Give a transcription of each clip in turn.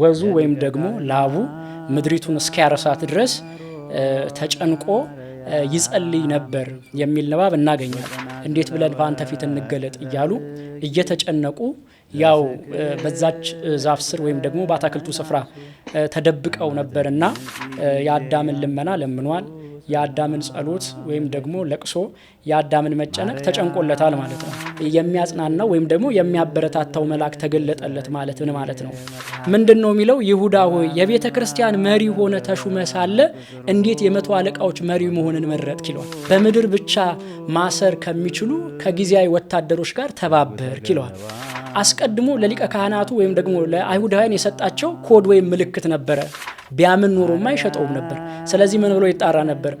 ወዙ ወይም ደግሞ ላቡ ምድሪቱን እስኪያረሳት ድረስ ተጨንቆ ይጸልይ ነበር የሚል ንባብ እናገኛል። እንዴት ብለን በአንተ ፊት እንገለጥ እያሉ እየተጨነቁ ያው በዛች ዛፍ ስር ወይም ደግሞ በአታክልቱ ስፍራ ተደብቀው ነበርና የአዳምን ልመና ለምኗል። የአዳምን ጸሎት ወይም ደግሞ ለቅሶ የአዳምን መጨነቅ ተጨንቆለታል ማለት ነው። የሚያጽናናው ወይም ደግሞ የሚያበረታታው መልአክ ተገለጠለት ማለት ምን ማለት ነው? ምንድን ነው የሚለው? ይሁዳ ሆይ የቤተ ክርስቲያን መሪ ሆነ ተሹመ ሳለ እንዴት የመቶ አለቃዎች መሪ መሆንን መረጥክ ይለዋል። በምድር ብቻ ማሰር ከሚችሉ ከጊዜያዊ ወታደሮች ጋር ተባበርክ ይለዋል። አስቀድሞ ለሊቀ ካህናቱ ወይም ደግሞ ለአይሁዳውያን የሰጣቸው ኮድ ወይም ምልክት ነበረ። ቢያምን ኖሮማ አይሸጠውም ነበር። ስለዚህ ምን ብሎ ይጣራ ነበር?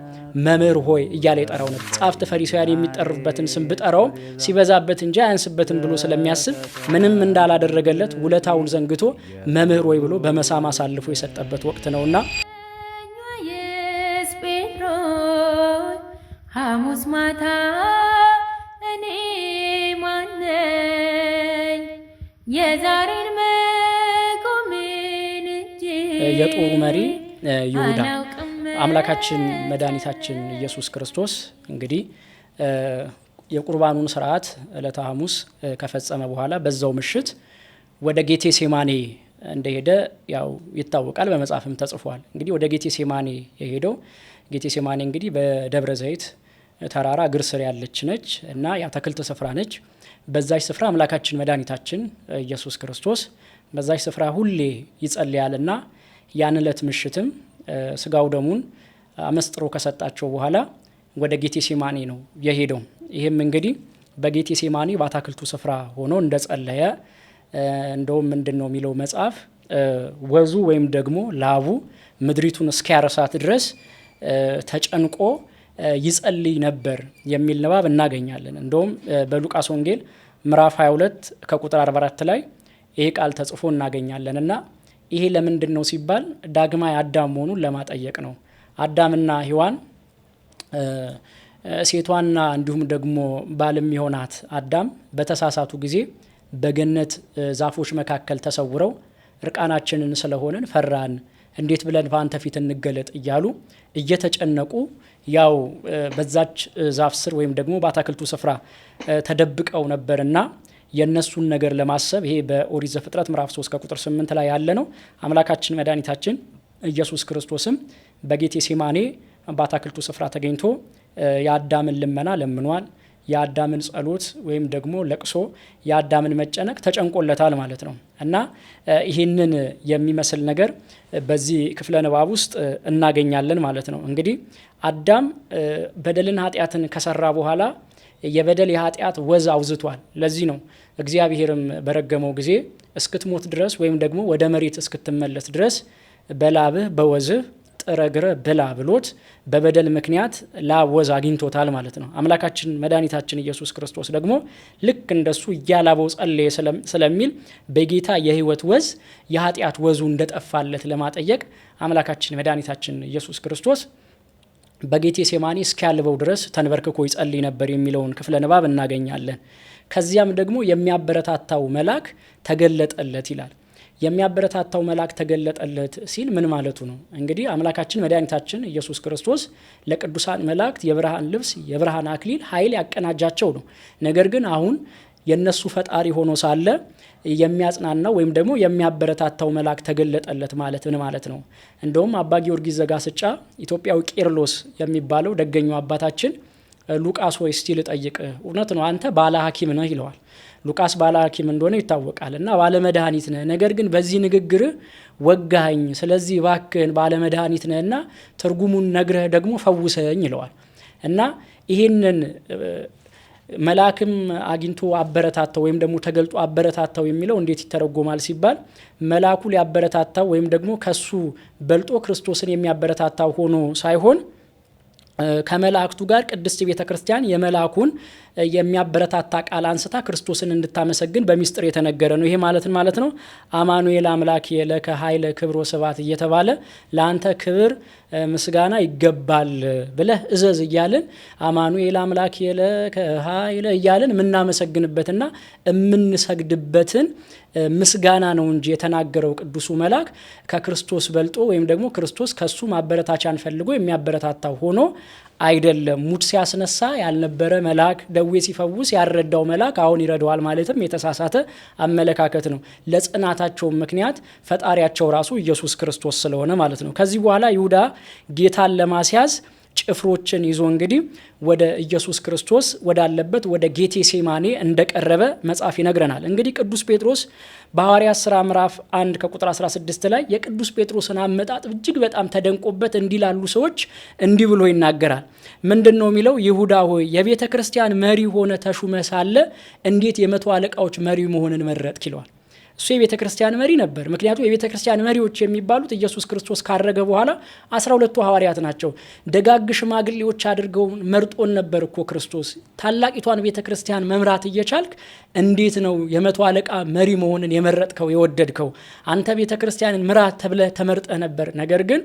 መምህር ሆይ እያለ ይጠራው ነበር። ጻፍት ፈሪሳውያን የሚጠሩበትን ስም ብጠራውም ሲበዛበት እንጂ አያንስበትን ብሎ ስለሚያስብ ምንም እንዳላደረገለት ውለታውን ዘንግቶ መምህር ሆይ ብሎ በመሳም አሳልፎ የሰጠበት ወቅት ነውና ሐሙስ ማታ የጦሩ መሪ ይሁዳ አምላካችን መድኃኒታችን ኢየሱስ ክርስቶስ እንግዲህ የቁርባኑን ስርዓት ዕለተ ሐሙስ ከፈጸመ በኋላ በዛው ምሽት ወደ ጌቴ ሴማኔ እንደሄደ ያው ይታወቃል፣ በመጽሐፍም ተጽፏል። እንግዲህ ወደ ጌቴ ሴማኔ የሄደው ጌቴ ሴማኔ እንግዲህ በደብረ ዘይት ተራራ እግር ስር ያለች ነች እና የአትክልት ስፍራ ነች። በዛች ስፍራ አምላካችን መድኃኒታችን ኢየሱስ ክርስቶስ በዛች ስፍራ ሁሌ ይጸልያልና ያን ዕለት ምሽትም ስጋው ደሙን አመስጥሮ ከሰጣቸው በኋላ ወደ ጌቴሴማኒ ነው የሄደው። ይህም እንግዲህ በጌቴሴማኒ በአታክልቱ ስፍራ ሆኖ ጸለየ እንደውም ምንድን ነው የሚለው መጽሐፍ ወዙ ወይም ደግሞ ላቡ ምድሪቱን እስኪያረሳት ድረስ ተጨንቆ ይጸልይ ነበር የሚል ንባብ እናገኛለን። እንደውም በሉቃስ ወንጌል ምዕራፍ 22 ከቁጥር 44 ላይ ይሄ ቃል ተጽፎ እናገኛለን እና ይሄ ለምንድን ነው ሲባል ዳግማዊ አዳም መሆኑን ለማጠየቅ ነው። አዳምና ሔዋን ሴቷና እንዲሁም ደግሞ ባልም የሆናት አዳም በተሳሳቱ ጊዜ በገነት ዛፎች መካከል ተሰውረው እርቃናችንን ስለሆንን ፈራን፣ እንዴት ብለን በአንተ ፊት እንገለጥ እያሉ እየተጨነቁ ያው በዛች ዛፍ ስር ወይም ደግሞ በአታክልቱ ስፍራ ተደብቀው ነበርና የእነሱን ነገር ለማሰብ ይሄ በኦሪት ዘፍጥረት ምዕራፍ 3 ከቁጥር 8 ላይ ያለ ነው። አምላካችን መድኃኒታችን ኢየሱስ ክርስቶስም በጌቴ ሴማኔ በአታክልቱ ስፍራ ተገኝቶ የአዳምን ልመና ለምኗል። የአዳምን ጸሎት ወይም ደግሞ ለቅሶ የአዳምን መጨነቅ ተጨንቆለታል ማለት ነው እና ይህንን የሚመስል ነገር በዚህ ክፍለ ንባብ ውስጥ እናገኛለን ማለት ነው። እንግዲህ አዳም በደልን ኃጢአትን ከሰራ በኋላ የበደል የኃጢአት ወዝ አውዝቷል። ለዚህ ነው እግዚአብሔርም በረገመው ጊዜ እስክትሞት ድረስ ወይም ደግሞ ወደ መሬት እስክትመለስ ድረስ በላብህ በወዝህ ጥረግረ ብላ ብሎት በበደል ምክንያት ላብ ወዝ አግኝቶታል ማለት ነው። አምላካችን መድኃኒታችን ኢየሱስ ክርስቶስ ደግሞ ልክ እንደሱ እያላበው ጸለየ ስለሚል በጌታ የህይወት ወዝ የኃጢአት ወዙ እንደጠፋለት ለማጠየቅ አምላካችን መድኃኒታችን ኢየሱስ ክርስቶስ በጌቴ ሴማኒ እስኪያልበው ድረስ ተንበርክኮ ይጸልይ ነበር የሚለውን ክፍለ ንባብ እናገኛለን። ከዚያም ደግሞ የሚያበረታታው መልአክ ተገለጠለት ይላል። የሚያበረታታው መልአክ ተገለጠለት ሲል ምን ማለቱ ነው? እንግዲህ አምላካችን መድኃኒታችን ኢየሱስ ክርስቶስ ለቅዱሳን መላእክት የብርሃን ልብስ፣ የብርሃን አክሊል ኃይል ያቀናጃቸው ነው። ነገር ግን አሁን የእነሱ ፈጣሪ ሆኖ ሳለ የሚያጽናናው ወይም ደግሞ የሚያበረታታው መልአክ ተገለጠለት ማለት ምን ማለት ነው? እንደውም አባ ጊዮርጊስ ዘጋስጫ ኢትዮጵያዊ ቄርሎስ የሚባለው ደገኛው አባታችን ሉቃስ ወይ እስቲ ልጠይቅ፣ እውነት ነው አንተ ባለ ሐኪም ነህ ይለዋል። ሉቃስ ባለ ሐኪም እንደሆነ ይታወቃል እና ባለመድኃኒት ነህ፣ ነገር ግን በዚህ ንግግር ወጋኸኝ። ስለዚህ ባክህን ባለመድኃኒት ነህ ነህና ትርጉሙን ነግረህ ደግሞ ፈውሰኝ ይለዋል እና ይህንን መልአክም አግኝቶ አበረታታው ወይም ደግሞ ተገልጦ አበረታታው የሚለው እንዴት ይተረጎማል ሲባል መልአኩ ሊያበረታታው ወይም ደግሞ ከሱ በልጦ ክርስቶስን የሚያበረታታው ሆኖ ሳይሆን ከመላእክቱ ጋር ቅድስት ቤተ ክርስቲያን የመልአኩን የሚያበረታታ ቃል አንስታ ክርስቶስን እንድታመሰግን በሚስጥር የተነገረ ነው። ይሄ ማለትን ማለት ነው። አማኑኤል አምላክ የለከ ኃይለ ክብሮ ስባት እየተባለ ለአንተ ክብር ምስጋና ይገባል ብለህ እዘዝ እያልን አማኑኤል አምላክ የለከ ኃይለ እያልን የምናመሰግንበትና የምንሰግድበትን ምስጋና ነው እንጂ የተናገረው ቅዱሱ መልአክ ከክርስቶስ በልጦ ወይም ደግሞ ክርስቶስ ከሱ ማበረታቻን ፈልጎ የሚያበረታታው ሆኖ አይደለም። ሙድ ሲያስነሳ ያልነበረ መልአክ፣ ደዌ ሲፈውስ ያልረዳው መልአክ አሁን ይረዳዋል ማለትም የተሳሳተ አመለካከት ነው። ለጽናታቸው ምክንያት ፈጣሪያቸው ራሱ ኢየሱስ ክርስቶስ ስለሆነ ማለት ነው። ከዚህ በኋላ ይሁዳ ጌታን ለማስያዝ ጭፍሮችን ይዞ እንግዲህ ወደ ኢየሱስ ክርስቶስ ወዳለበት ወደ ጌቴ ሴማኔ እንደቀረበ መጽሐፍ ይነግረናል። እንግዲህ ቅዱስ ጴጥሮስ በሐዋርያት ሥራ ምዕራፍ 1 ከቁጥር 16 ላይ የቅዱስ ጴጥሮስን አመጣጥ እጅግ በጣም ተደንቆበት እንዲህ ላሉ ሰዎች እንዲህ ብሎ ይናገራል። ምንድን ነው የሚለው? ይሁዳ ሆይ የቤተ ክርስቲያን መሪ ሆነ ተሹመ ሳለ እንዴት የመቶ አለቃዎች መሪ መሆንን መረጥክ? ይለዋል። እሱ የቤተ ክርስቲያን መሪ ነበር። ምክንያቱም የቤተ ክርስቲያን መሪዎች የሚባሉት ኢየሱስ ክርስቶስ ካረገ በኋላ አስራ ሁለቱ ሐዋርያት ናቸው። ደጋግ ሽማግሌዎች አድርገው መርጦን ነበር እኮ ክርስቶስ። ታላቂቷን ቤተ ክርስቲያን መምራት እየቻልክ እንዴት ነው የመቶ አለቃ መሪ መሆንን የመረጥከው የወደድከው? አንተ ቤተ ክርስቲያንን ምራ ተብለ ተመርጠ ነበር። ነገር ግን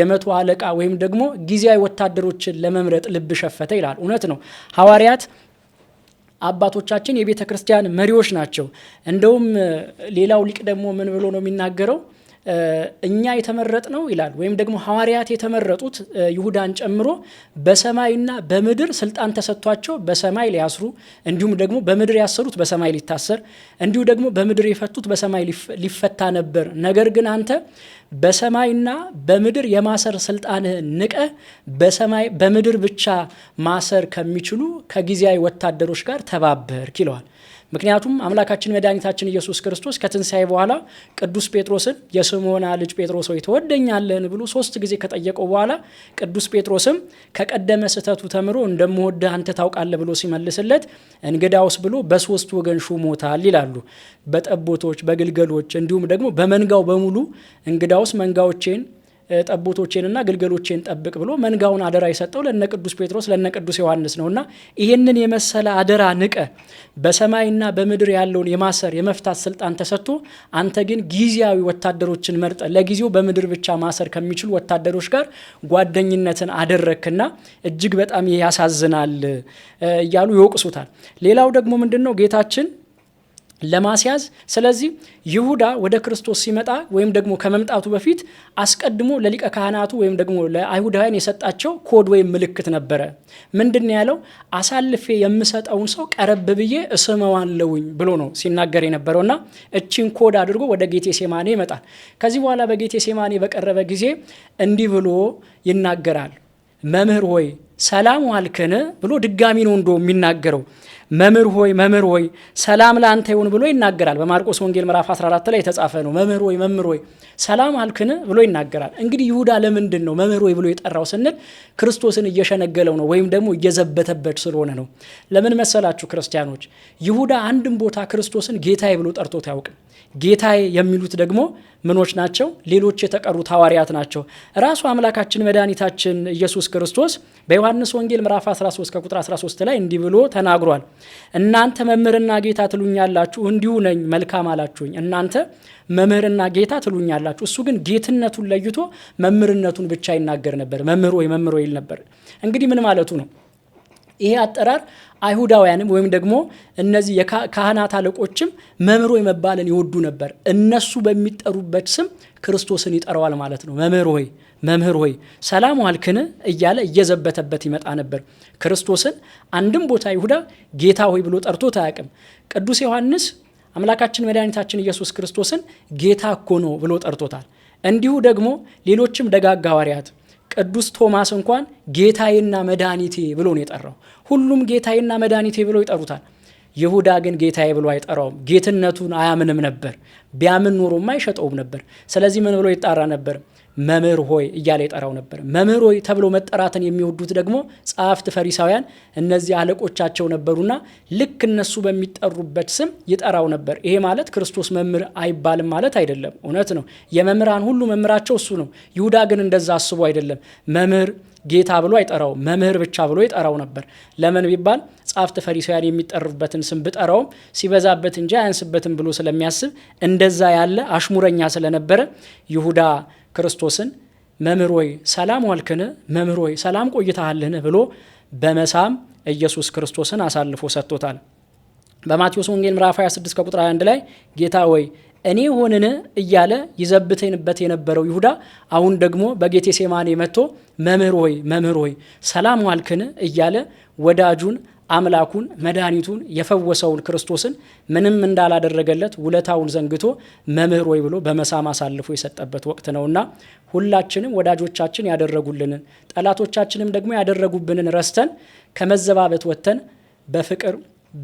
የመቶ አለቃ ወይም ደግሞ ጊዜያዊ ወታደሮችን ለመምረጥ ልብ ሸፈተ ይላል። እውነት ነው ሐዋርያት አባቶቻችን የቤተ ክርስቲያን መሪዎች ናቸው። እንደውም ሌላው ሊቅ ደግሞ ምን ብሎ ነው የሚናገረው? እኛ የተመረጥ ነው ይላል። ወይም ደግሞ ሐዋርያት የተመረጡት ይሁዳን ጨምሮ በሰማይና በምድር ስልጣን ተሰጥቷቸው በሰማይ ሊያስሩ እንዲሁም ደግሞ በምድር ያሰሩት በሰማይ ሊታሰር እንዲሁ ደግሞ በምድር የፈቱት በሰማይ ሊፈታ ነበር። ነገር ግን አንተ በሰማይና በምድር የማሰር ስልጣንህን ንቀህ በሰማይ በምድር ብቻ ማሰር ከሚችሉ ከጊዜያዊ ወታደሮች ጋር ተባበርክ ይለዋል። ምክንያቱም አምላካችን መድኃኒታችን ኢየሱስ ክርስቶስ ከትንሣኤ በኋላ ቅዱስ ጴጥሮስን የስምዖና ልጅ ጴጥሮስ ሆይ ትወደኛለህን ብሎ ሶስት ጊዜ ከጠየቀው በኋላ ቅዱስ ጴጥሮስም ከቀደመ ስህተቱ ተምሮ እንደምወድህ አንተ ታውቃለህ ብሎ ሲመልስለት እንግዳውስ ብሎ በሶስት ወገን ሹሞታል ይላሉ። በጠቦቶች፣ በግልገሎች እንዲሁም ደግሞ በመንጋው በሙሉ እንግዳውስ መንጋዎቼን ጠቦቶቼንና ግልገሎቼን ጠብቅ ብሎ መንጋውን አደራ የሰጠው ለነ ቅዱስ ጴጥሮስ ለነ ቅዱስ ዮሐንስ ነውና ይህንን የመሰለ አደራ ንቀ በሰማይና በምድር ያለውን የማሰር የመፍታት ስልጣን ተሰጥቶ አንተ ግን ጊዜያዊ ወታደሮችን መርጠ ለጊዜው በምድር ብቻ ማሰር ከሚችሉ ወታደሮች ጋር ጓደኝነትን አደረክና እጅግ በጣም ያሳዝናል እያሉ ይወቅሱታል። ሌላው ደግሞ ምንድን ነው ጌታችን ለማስያዝ ስለዚህ ይሁዳ ወደ ክርስቶስ ሲመጣ ወይም ደግሞ ከመምጣቱ በፊት አስቀድሞ ለሊቀ ካህናቱ ወይም ደግሞ ለአይሁዳውያን የሰጣቸው ኮድ ወይም ምልክት ነበረ። ምንድን ያለው አሳልፌ የምሰጠውን ሰው ቀረብ ብዬ እስመዋለውኝ ብሎ ነው ሲናገር የነበረው እና እቺን ኮድ አድርጎ ወደ ጌቴ ሴማኔ ይመጣል። ከዚህ በኋላ በጌቴ ሴማኔ በቀረበ ጊዜ እንዲህ ብሎ ይናገራል። መምህር ሆይ ሰላም ዋልክን ብሎ ድጋሚ ነው እንዶ የሚናገረው መምህር ሆይ መምህር ሆይ ሰላም ለአንተ ይሁን ብሎ ይናገራል። በማርቆስ ወንጌል ምዕራፍ 14 ላይ የተጻፈ ነው። መምህር ሆይ መምህር ሆይ ሰላም አልክን ብሎ ይናገራል። እንግዲህ ይሁዳ ለምንድን ነው መምህር ሆይ ብሎ የጠራው ስንል ክርስቶስን እየሸነገለው ነው ወይም ደግሞ እየዘበተበት ስለሆነ ነው። ለምን መሰላችሁ ክርስቲያኖች፣ ይሁዳ አንድም ቦታ ክርስቶስን ጌታዬ ብሎ ጠርቶት አያውቅም። ጌታዬ የሚሉት ደግሞ ምኖች ናቸው? ሌሎች የተቀሩት ሐዋርያት ናቸው። ራሱ አምላካችን መድኃኒታችን ኢየሱስ ክርስቶስ በዮሐንስ ወንጌል ምዕራፍ 13 ከቁጥር 13 ላይ እንዲህ ብሎ ተናግሯል። እናንተ መምህርና ጌታ ትሉኛላችሁ፣ እንዲሁ ነኝ መልካም አላችሁኝ። እናንተ መምህርና ጌታ ትሉኛላችሁ። እሱ ግን ጌትነቱን ለይቶ መምህርነቱን ብቻ ይናገር ነበር። መምህር ወይ መምህር ይል ነበር። እንግዲህ ምን ማለቱ ነው? ይሄ አጠራር አይሁዳውያንም ወይም ደግሞ እነዚህ የካህናት አለቆችም መምህር ሆይ መባልን ይወዱ ነበር። እነሱ በሚጠሩበት ስም ክርስቶስን ይጠራዋል ማለት ነው። መምህር ሆይ መምህር ሆይ ሰላም ዋልክን እያለ እየዘበተበት ይመጣ ነበር። ክርስቶስን አንድም ቦታ ይሁዳ ጌታ ሆይ ብሎ ጠርቶት ታያቅም። ቅዱስ ዮሐንስ አምላካችን መድኃኒታችን ኢየሱስ ክርስቶስን ጌታ እኮ ነው ብሎ ጠርቶታል። እንዲሁ ደግሞ ሌሎችም ደጋግ ሐዋርያት ቅዱስ ቶማስ እንኳን ጌታዬና መድኃኒቴ ብሎ ነው የጠራው። ሁሉም ጌታዬና መድኃኒቴ ብሎ ይጠሩታል። ይሁዳ ግን ጌታዬ ብሎ አይጠራውም። ጌትነቱን አያምንም ነበር። ቢያምን ኖሮማ አይሸጠውም ነበር። ስለዚህ ምን ብሎ ይጣራ ነበር? መምህር ሆይ እያለ ይጠራው ነበር። መምህር ሆይ ተብሎ መጠራትን የሚወዱት ደግሞ ጸሐፍት ፈሪሳውያን እነዚህ አለቆቻቸው ነበሩና ልክ እነሱ በሚጠሩበት ስም ይጠራው ነበር። ይሄ ማለት ክርስቶስ መምህር አይባልም ማለት አይደለም። እውነት ነው፣ የመምህራን ሁሉ መምህራቸው እሱ ነው። ይሁዳ ግን እንደዛ አስቦ አይደለም መምህር ጌታ ብሎ አይጠራው፣ መምህር ብቻ ብሎ ይጠራው ነበር። ለምን ቢባል ጻፍት ፈሪሳውያን የሚጠሩበትን ስም ብጠራውም ሲበዛበት እንጂ አያንስበትም ብሎ ስለሚያስብ እንደዛ ያለ አሽሙረኛ ስለነበረ ይሁዳ ክርስቶስን መምህር ወይ ሰላም ዋልክን፣ መምህር ወይ ሰላም ቆይታሃልን ብሎ በመሳም ኢየሱስ ክርስቶስን አሳልፎ ሰጥቶታል። በማቴዎስ ወንጌል ምዕራፍ 26 ከቁጥር 21 ላይ ጌታ ወይ እኔ ሆንን እያለ ይዘብተንበት የነበረው ይሁዳ አሁን ደግሞ በጌቴ ሴማኔ መጥቶ መምህር ወይ መምህር ወይ ሰላም ዋልክን እያለ ወዳጁን አምላኩን መድኃኒቱን የፈወሰውን ክርስቶስን ምንም እንዳላደረገለት ውለታውን ዘንግቶ መምህር ወይ ብሎ በመሳም አሳልፎ የሰጠበት ወቅት ነውና ሁላችንም ወዳጆቻችን ያደረጉልንን ጠላቶቻችንም ደግሞ ያደረጉብንን ረስተን ከመዘባበት ወጥተን በፍቅር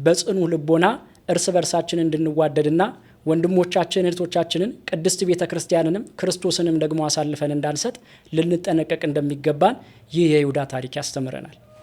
በጽኑ ልቦና እርስ በርሳችን እንድንዋደድና ወንድሞቻችን እህቶቻችንን ቅድስት ቤተ ክርስቲያንንም ክርስቶስንም ደግሞ አሳልፈን እንዳንሰጥ ልንጠነቀቅ እንደሚገባን ይህ የይሁዳ ታሪክ ያስተምረናል።